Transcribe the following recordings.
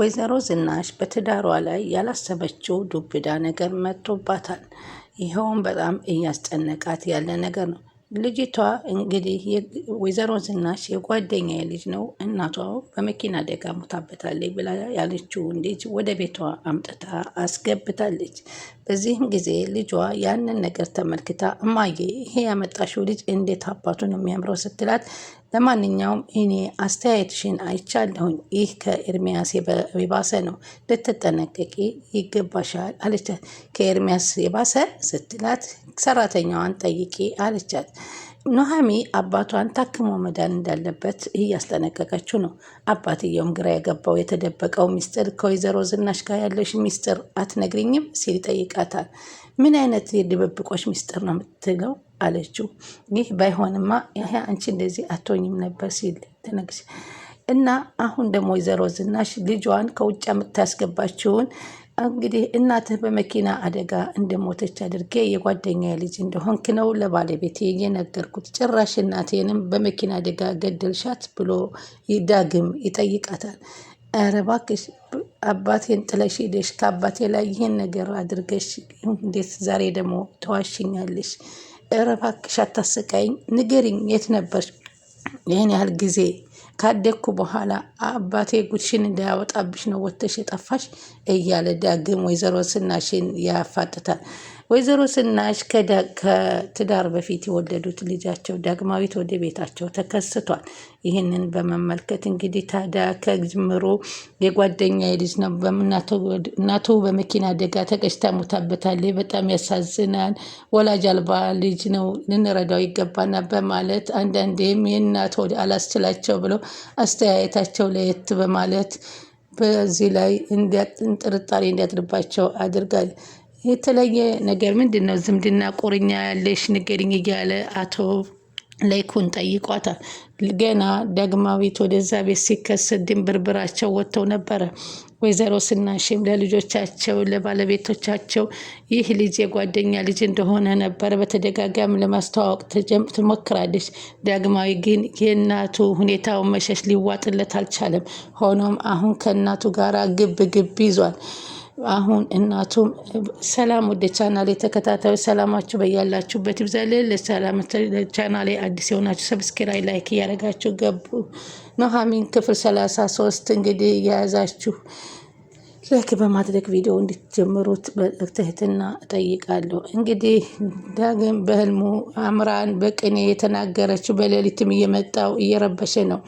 ወይዘሮ ዝናሽ በትዳሯ ላይ ያላሰበችው ዱብዳ ነገር መጥቶባታል። ይኸውም በጣም እያስጨነቃት ያለ ነገር ነው። ልጅቷ እንግዲህ ወይዘሮ ዝናሽ የጓደኛ ልጅ ነው፣ እናቷ በመኪና አደጋ ሞታበታለች ብላ ያለችውን ልጅ ወደ ቤቷ አምጥታ አስገብታለች። በዚህም ጊዜ ልጇ ያንን ነገር ተመልክታ እማዬ፣ ይሄ ያመጣሽው ልጅ እንዴት አባቱን የሚያምረው ስትላት ለማንኛውም እኔ አስተያየትሽን አይቻለሁኝ። ይህ ከኤርሚያስ የባሰ ነው፣ ልትጠነቀቂ ይገባሻል አለቻት። ከኤርሚያስ የባሰ ስትላት ሰራተኛዋን ጠይቂ አለቻት። ኖሃሚ አባቷን ታክሞ መዳን እንዳለበት እያስጠነቀቀችው ነው። አባትየውም ግራ የገባው የተደበቀው ሚስጥር ከወይዘሮ ዝናሽ ጋር ያለሽ ሚስጥር አትነግሪኝም ሲል ይጠይቃታል። ምን አይነት የድብብቆች ሚስጥር ነው የምትለው አለችው። ይህ ባይሆንማ ይሄ አንቺ እንደዚህ አትሆኝም ነበር ሲል ተነግስ እና አሁን ደግሞ ወይዘሮ ዝናሽ ልጇን ከውጭ የምታስገባችውን እንግዲህ እናትህ በመኪና አደጋ እንደሞተች አድርጌ የጓደኛ ልጅ እንደሆንክ ነው ለባለቤቴ የነገርኩት። ጭራሽ እናቴንም በመኪና አደጋ ገደልሻት ብሎ ዳግም ይጠይቃታል። ኧረ እባክሽ አባቴን ጥለሽ ሄደሽ ከአባቴ ላይ ይህን ነገር አድርገሽ እንዴት ዛሬ ደግሞ ተዋሽኛለሽ? እባክሽ አታስቀኝ፣ ንገሪኝ፣ የት ነበርሽ? ይህን ያህል ጊዜ ካደግኩ በኋላ አባቴ ጉድሽን እንዳያወጣብሽ ነው ወጥተሽ የጠፋሽ እያለ ዳግም ወይዘሮ ስናሽን ያፋጥታል። ወይዘሮ ስናሽ ከትዳር በፊት የወለዱት ልጃቸው ዳግማዊት ወደ ቤታቸው ተከስቷል። ይህንን በመመልከት እንግዲህ ታዲያ ከጅምሮ የጓደኛ ልጅ ነው እናቱ በመኪና አደጋ ተቀጭታ ሞታበታለች፣ በጣም ያሳዝናል፣ ወላጅ አልባ ልጅ ነው፣ ልንረዳው ይገባና በማለት አንዳንዴም የእናት አላስችላቸው ብለው አስተያየታቸው ለየት በማለት በዚህ ላይ ጥርጣሬ እንዲያድርባቸው አድርጋል። የተለየ ነገር ምንድን ነው? ዝምድና ቁርኛ ያለሽ ንገሪኝ እያለ አቶ ላይኩን ጠይቋታል። ገና ዳግማዊት ወደዛ ቤት ሲከሰት ድንብርብራቸው ወጥተው ነበረ። ወይዘሮ ስናሽም ለልጆቻቸው ለባለቤቶቻቸው ይህ ልጅ የጓደኛ ልጅ እንደሆነ ነበረ በተደጋጋሚ ለማስተዋወቅ ትሞክራለች። ዳግማዊ ግን የእናቱ ሁኔታውን መሸሽ ሊዋጥለት አልቻለም። ሆኖም አሁን ከእናቱ ጋር ግብ ግብ ይዟል። አሁን እናቱም ሰላም ወደ ቻናሌ ተከታታዩ ሰላማችሁ በያላችሁበት ይብዛልን። ቻናሌ አዲስ የሆናችሁ ሰብስክራይ ላይክ እያደረጋችሁ ገቡ። ኑሃሚን ክፍል ሰላሳ ሶስት እንግዲህ የያዛችሁ ላይክ በማድረግ ቪዲዮ እንድትጀምሩት በትህትና እጠይቃለሁ። እንግዲህ ዳግም በህልሙ አምራን በቅኔ የተናገረችው በሌሊትም እየመጣው እየረበሸ ነው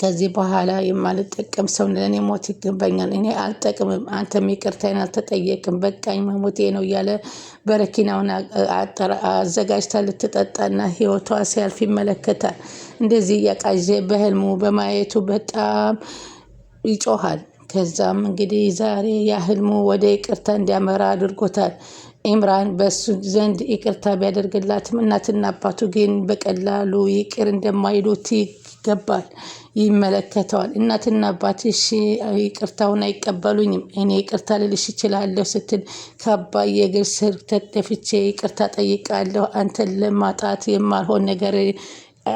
ከዚህ በኋላ የማልጠቀም ሰው ለእኔ ሞት ይገባኛል። እኔ አልጠቅምም። አንተም ይቅርታዬን አልተጠየቅም። በቃኝ፣ መሞቴ ነው እያለ በረኪናውን አዘጋጅታ ልትጠጣና ህይወቷ ሲያልፍ ይመለከታል። እንደዚህ እያቃዤ በህልሙ በማየቱ በጣም ይጮሃል። ከዛም እንግዲህ ዛሬ ያ ወደ ይቅርታ እንዲያመራ አድርጎታል። ኢምራን በእሱ ዘንድ ይቅርታ ቢያደርግላትም እናትና አባቱ ግን በቀላሉ ይቅር እንደማይሉት ይገባል ይመለከተዋል። እናትና አባትሽ ይቅርታውን አይቀበሉኝም፣ እኔ ይቅርታ ልልሽ ይችላለሁ ስትል ከአባዬ እግር ስር ተደፍቼ ይቅርታ ጠይቃለሁ አንተን ለማጣት የማልሆን ነገር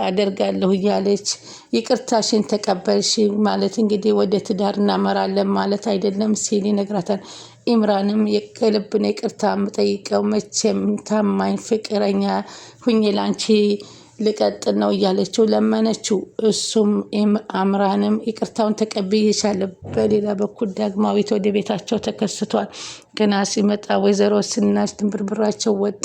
አደርጋለሁ እያለች ይቅርታሽን ተቀበልሽ ማለት እንግዲህ ወደ ትዳር እናመራለን ማለት አይደለም ሲል ይነግራታል። ኢምራንም የልብ ነው ይቅርታ የምጠይቀው መቼም ታማኝ ፍቅረኛ ሁኜ ላንቺ ልቀጥል ነው እያለችው ለመነችው። እሱም አምራንም ይቅርታውን ተቀብዬሻለሁ። በሌላ በኩል ዳግማዊት ወደ ቤታቸው ተከስቷል። ገና ሲመጣ ወይዘሮ ስናሽ ድንብርብራቸው ወጣ።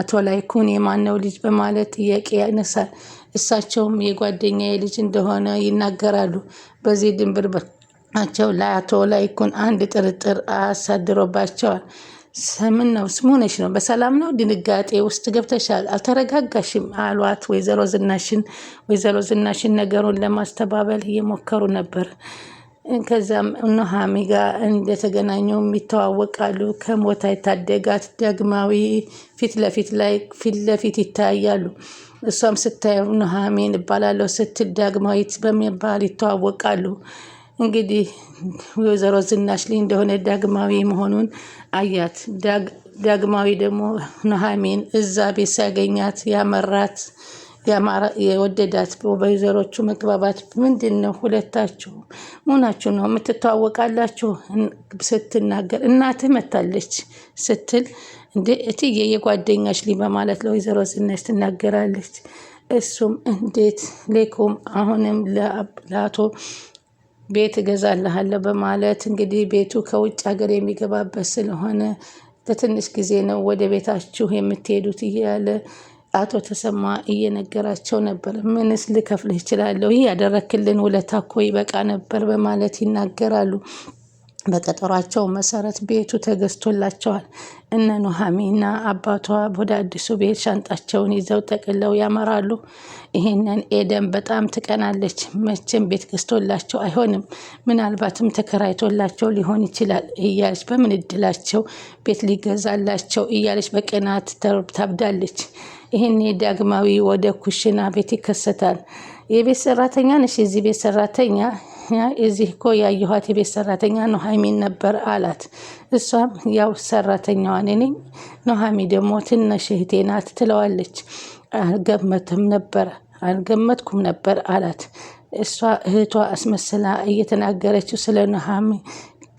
አቶ ላይኩን የማነው ልጅ በማለት ጥያቄ ያነሳል። እሳቸውም የጓደኛዬ ልጅ እንደሆነ ይናገራሉ። በዚህ ድንብርብራቸው ለአቶ ላይኩን አንድ ጥርጥር አሳድሮባቸዋል። ስምን ነው ስም ሆነሽ ነው። በሰላም ነው ድንጋጤ ውስጥ ገብተሻል፣ አልተረጋጋሽም አሏት ወይዘሮ ዝናሽን። ወይዘሮ ዝናሽን ነገሩን ለማስተባበል እየሞከሩ ነበር። ከዛም ኑሃሚ ጋር እንደተገናኙ ይተዋወቃሉ። ከሞታ የታደጋት ዳግማዊ ፊት ለፊት ላይ ፊት ለፊት ይታያሉ። እሷም ስታየው ኑሃሚን እባላለሁ ስትል ዳግማዊት በሚባል ይተዋወቃሉ። እንግዲህ ወይዘሮ ዝናሽ ልጅ እንደሆነ ዳግማዊ መሆኑን አያት። ዳግማዊ ደግሞ ኑሐሚን እዛ ቤት ሲያገኛት ያመራት የወደዳት በወይዘሮቹ መግባባት ምንድን ነው ሁለታችሁ መሆናችሁ ነው የምትተዋወቃላችሁ ስትናገር እናትህ መታለች ስትል እንደ እትዬ የጓደኛሽ ሊ በማለት ለወይዘሮ ዝናሽ ትናገራለች። እሱም እንዴት ሌኩም አሁንም ለአቶ ቤት እገዛልሃለሁ በማለት እንግዲህ ቤቱ ከውጭ ሀገር የሚገባበት ስለሆነ ለትንሽ ጊዜ ነው ወደ ቤታችሁ የምትሄዱት እያለ አቶ ተሰማ እየነገራቸው ነበር። ምንስ ልከፍልህ እችላለሁ? ይህ ያደረክልን ውለታ እኮ ይበቃ ነበር በማለት ይናገራሉ። በቀጠሯቸው መሰረት ቤቱ ተገዝቶላቸዋል። እነ ኑሃሚና አባቷ ወደ አዲሱ ቤት ሻንጣቸውን ይዘው ጠቅለው ያመራሉ። ይህንን ኤደን በጣም ትቀናለች። መቼም ቤት ገዝቶላቸው አይሆንም፣ ምናልባትም ተከራይቶላቸው ሊሆን ይችላል እያለች በምን እድላቸው ቤት ሊገዛላቸው እያለች በቅናት ታብዳለች። ይህኔ ዳግማዊ ወደ ኩሽና ቤት ይከሰታል። የቤት ሰራተኛ ነሽ፣ የዚህ ቤት ሰራተኛ እዚህ እኮ ያየኋት የቤት ሰራተኛ ኑሐሚን ነበር አላት። እሷም ያው ሰራተኛዋን እኔ ነኝ፣ ኑሐሚ ደግሞ ትንሽ እህቴ ናት ትለዋለች። አልገመትም ነበር አልገመትኩም ነበር አላት። እሷ እህቷ አስመስላ እየተናገረችው ስለ ኑሐሚ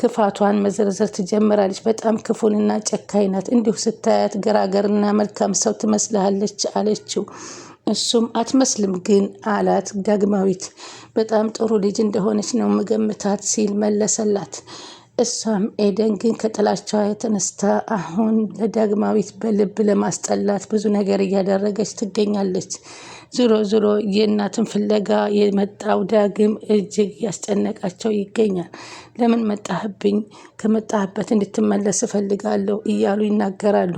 ክፋቷን መዘርዘር ትጀምራለች። በጣም ክፉንና ጨካኝ ናት። እንዲሁ ስታያት ገራገርና መልካም ሰው ትመስልሃለች አለችው። እሱም አትመስልም ግን አላት። ዳግማዊት በጣም ጥሩ ልጅ እንደሆነች ነው ምገምታት ሲል መለሰላት። እሷም ኤደን ግን ከጥላቻዋ የተነስታ አሁን ለዳግማዊት በልብ ለማስጠላት ብዙ ነገር እያደረገች ትገኛለች። ዞሮ ዞሮ የእናትን ፍለጋ የመጣው ዳግም እጅግ ያስጨነቃቸው ይገኛል። ለምን መጣህብኝ? ከመጣህበት እንድትመለስ እፈልጋለሁ እያሉ ይናገራሉ።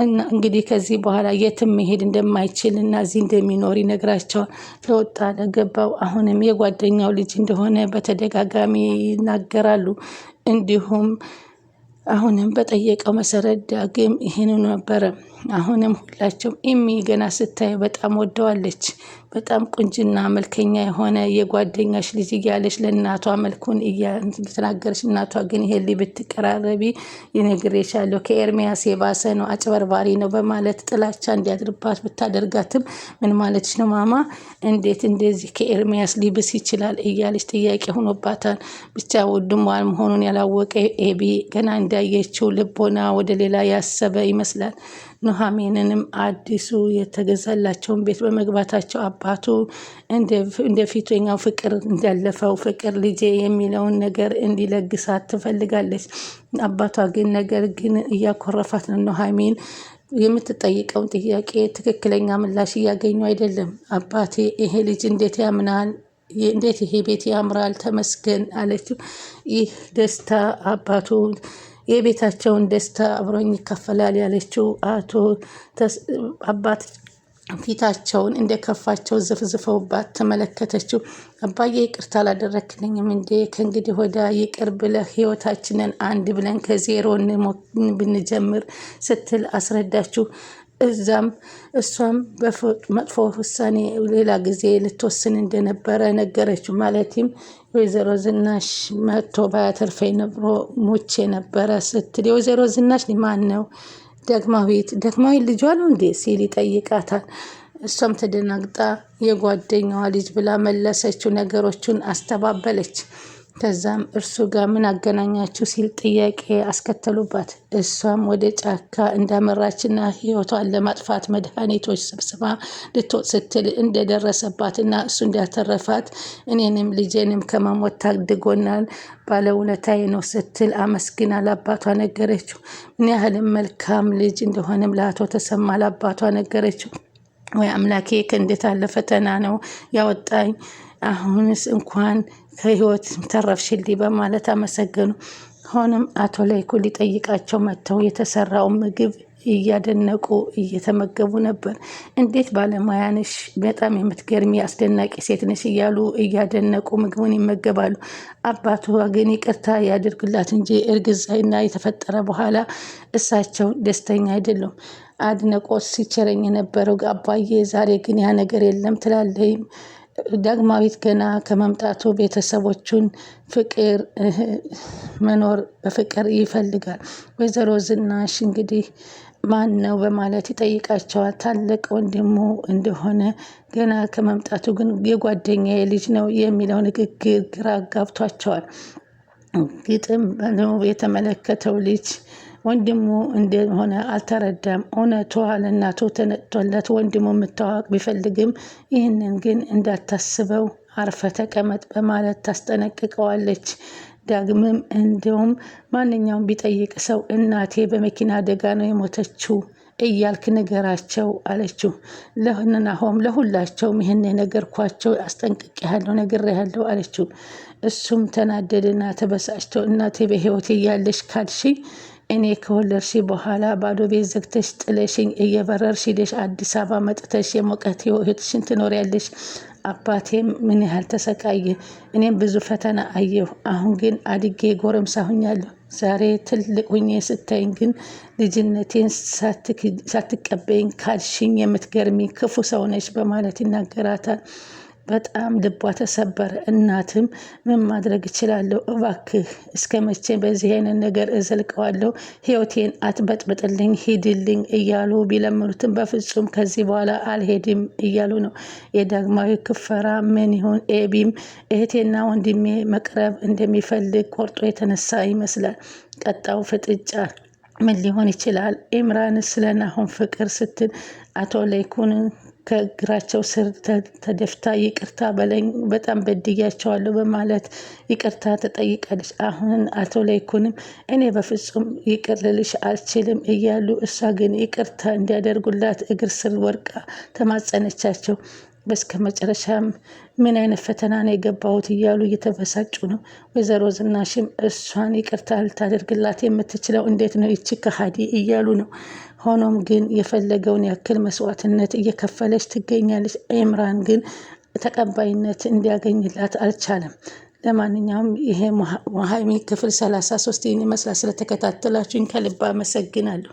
እና እንግዲህ ከዚህ በኋላ የትም መሄድ እንደማይችል እና እዚህ እንደሚኖር ይነግራቸዋል። ለወጣ ለገባው አሁንም የጓደኛው ልጅ እንደሆነ በተደጋጋሚ ይናገራሉ። እንዲሁም አሁንም በጠየቀው መሰረት ዳግም ይህንኑ ነበረ። አሁንም ሁላቸውም ኢሚ ገና ስታይ በጣም ወደዋለች። በጣም ቁንጅና መልከኛ የሆነ የጓደኛሽ ልጅ እያለሽ ለእናቷ መልኩን እየተናገረች እናቷ ግን ይሄ ልጅ ብትቀራረቢ ይነግሬሻለሁ ከኤርሚያስ የባሰ ነው፣ አጭበርባሪ ነው በማለት ጥላቻ እንዲያድርባት ብታደርጋትም ምን ማለትሽ ነው ማማ እንዴት እንደዚህ ከኤርሚያስ ሊብስ ይችላል እያለች ጥያቄ ሆኖባታል። ብቻ ወንድሟን መሆኑን ያላወቀ ኤቢ ገና እንዳየችው ልቦና ወደ ሌላ ያሰበ ይመስላል። ኑሐሚንንም አዲሱ የተገዛላቸውን ቤት በመግባታቸው አባቱ እንደ ፊተኛው ፍቅር እንዳለፈው ፍቅር ልጄ የሚለውን ነገር እንዲለግሳት ትፈልጋለች። አባቷ ግን ነገር ግን እያኮረፋት ነው ሀይሚን የምትጠይቀውን ጥያቄ ትክክለኛ ምላሽ እያገኙ አይደለም። አባቴ ይሄ ልጅ እንዴት ያምናል? እንዴት ይሄ ቤት ያምራል? ተመስገን አለችው። ይህ ደስታ አባቱ የቤታቸውን ደስታ አብሮኝ ይካፈላል ያለችው አቶ አባት ፊታቸውን እንደከፋቸው ዘፍዝፈውባት ተመለከተችው። አባዬ ይቅርታ አላደረክልኝም እንዴ? ከእንግዲህ ወዳ ይቅር ብለህ ህይወታችንን አንድ ብለን ከዜሮ ብንጀምር ስትል አስረዳችው። እዛም እሷም በመጥፎ ውሳኔ ሌላ ጊዜ ልትወስን እንደነበረ ነገረችው። ማለትም ወይዘሮ ዝናሽ መጥቶ ባያተርፈኝ ኖሮ ሙቼ ነበረ ስትል የወይዘሮ ዝናሽ ማን ነው ደግማዊት ደግማዊት ልጇ ነው እንዴ ሲል ይጠይቃታል። እሷም ተደናግጣ የጓደኛዋ ልጅ ብላ መለሰችው። ነገሮቹን አስተባበለች። ከዛም እርሱ ጋር ምን አገናኛችሁ ሲል ጥያቄ አስከተሉባት። እሷም ወደ ጫካ እንዳመራችና ሕይወቷን ለማጥፋት መድኃኒቶች ሰብስባ ልትወጥ ስትል እንደደረሰባትና እሱ እንዳተረፋት እኔንም ልጄንም ከመሞት ታድጎናል ባለውለታዬ ነው ስትል አመስግና ለአባቷ ነገረችው። ምን ያህልም መልካም ልጅ እንደሆነም ለአቶ ተሰማ ለአባቷ ነገረችው። ወይ አምላኬ ከእንዴት ያለ ፈተና ነው ያወጣኝ አሁንስ እንኳን ከህይወት ተረፍሽልኝ በማለት አመሰገኑ። ሆኖም አቶ ላይኩ ሊጠይቃቸው መጥተው የተሰራውን ምግብ እያደነቁ እየተመገቡ ነበር። እንዴት ባለሙያ ነሽ፣ በጣም የምትገርሚ አስደናቂ ሴት ነሽ እያሉ እያደነቁ ምግቡን ይመገባሉ። አባቷ ግን ይቅርታ ያደርግላት እንጂ እርግዝና የተፈጠረ በኋላ እሳቸው ደስተኛ አይደሉም። አድነቆት ሲቸረኝ የነበረው አባዬ ዛሬ ግን ያ ነገር የለም ትላለይም ዳግማዊት ገና ከመምጣቱ ቤተሰቦቹን ፍቅር መኖር በፍቅር ይፈልጋል። ወይዘሮ ዝናሽ እንግዲህ ማን ነው በማለት ይጠይቃቸዋል። ታላቅ ወንድሙ እንደሆነ ገና ከመምጣቱ ግን የጓደኛ ልጅ ነው የሚለው ንግግር ግራ ጋብቷቸዋል። ግጥም የተመለከተው ልጅ ወንድሙ እንደሆነ አልተረዳም። እውነቷ ለእናቱ ተነጥቶለት ወንድሙ መታወቅ ቢፈልግም ይህንን ግን እንዳታስበው አርፈ ተቀመጥ በማለት ታስጠነቅቀዋለች። ዳግምም እንዲሁም ማንኛውም ቢጠይቅ ሰው እናቴ በመኪና አደጋ ነው የሞተችው እያልክ ንገራቸው አለችው። ለናሆም ለሁላቸውም ይህን የነገርኳቸው አስጠንቅቅ ያለው ነገር ያለው አለችው። እሱም ተናደድና ተበሳጭቶ እናቴ በሕይወት እያለች ካልሽ እኔ ከወለድሽ በኋላ ባዶ ቤት ዘግተሽ ጥለሽኝ እየበረርሽ ሄደሽ አዲስ አበባ መጥተሽ የሙቀት ሕይወትሽን ትኖሪያለሽ። አባቴም ምን ያህል ተሰቃየ፣ እኔም ብዙ ፈተና አየሁ። አሁን ግን አድጌ ጎረምሳ ሆኛለሁ። ዛሬ ትልቅ ሁኜ ስታይኝ ግን ልጅነቴን ሳትቀበይኝ ካልሽኝ የምትገርሚ ክፉ ሰው በማለት ይናገራታል። በጣም ልቧ ተሰበረ። እናትም ምን ማድረግ እችላለሁ? እባክህ እስከ መቼ በዚህ አይነት ነገር እዘልቀዋለሁ? ህይወቴን አትበጥብጥልኝ፣ ሂድልኝ እያሉ ቢለምኑትም በፍጹም ከዚህ በኋላ አልሄድም እያሉ ነው። የዳግማዊ ክፈራ ምን ይሁን? ኤቢም እህቴና ወንድሜ መቅረብ እንደሚፈልግ ቆርጦ የተነሳ ይመስላል። ቀጣው ፍጥጫ ምን ሊሆን ይችላል? ኢምራን ስለ ፍቅር ስትል አቶ ለይኩን ከእግራቸው ስር ተደፍታ ይቅርታ በለኝ በጣም በድያቸዋለሁ በማለት ይቅርታ ተጠይቃለች። አሁን አቶ ላይኩንም እኔ በፍጹም ይቅር ልልሽ አልችልም እያሉ እሷ ግን ይቅርታ እንዲያደርጉላት እግር ስር ወርቃ ተማጸነቻቸው። በስከ መጨረሻ ምን አይነት ፈተና ነው የገባሁት እያሉ እየተበሳጩ ነው። ወይዘሮ ዝናሽም እሷን ይቅርታ ልታደርግላት የምትችለው እንዴት ነው ይቺ ከሃዲ እያሉ ነው። ሆኖም ግን የፈለገውን ያክል መስዋዕትነት እየከፈለች ትገኛለች። ኤምራን ግን ተቀባይነት እንዲያገኝላት አልቻለም። ለማንኛውም ይሄ ኑሃሚን ክፍል 33 ይህን ይመስላል። ስለተከታተላችሁኝ ከልብ አመሰግናለሁ።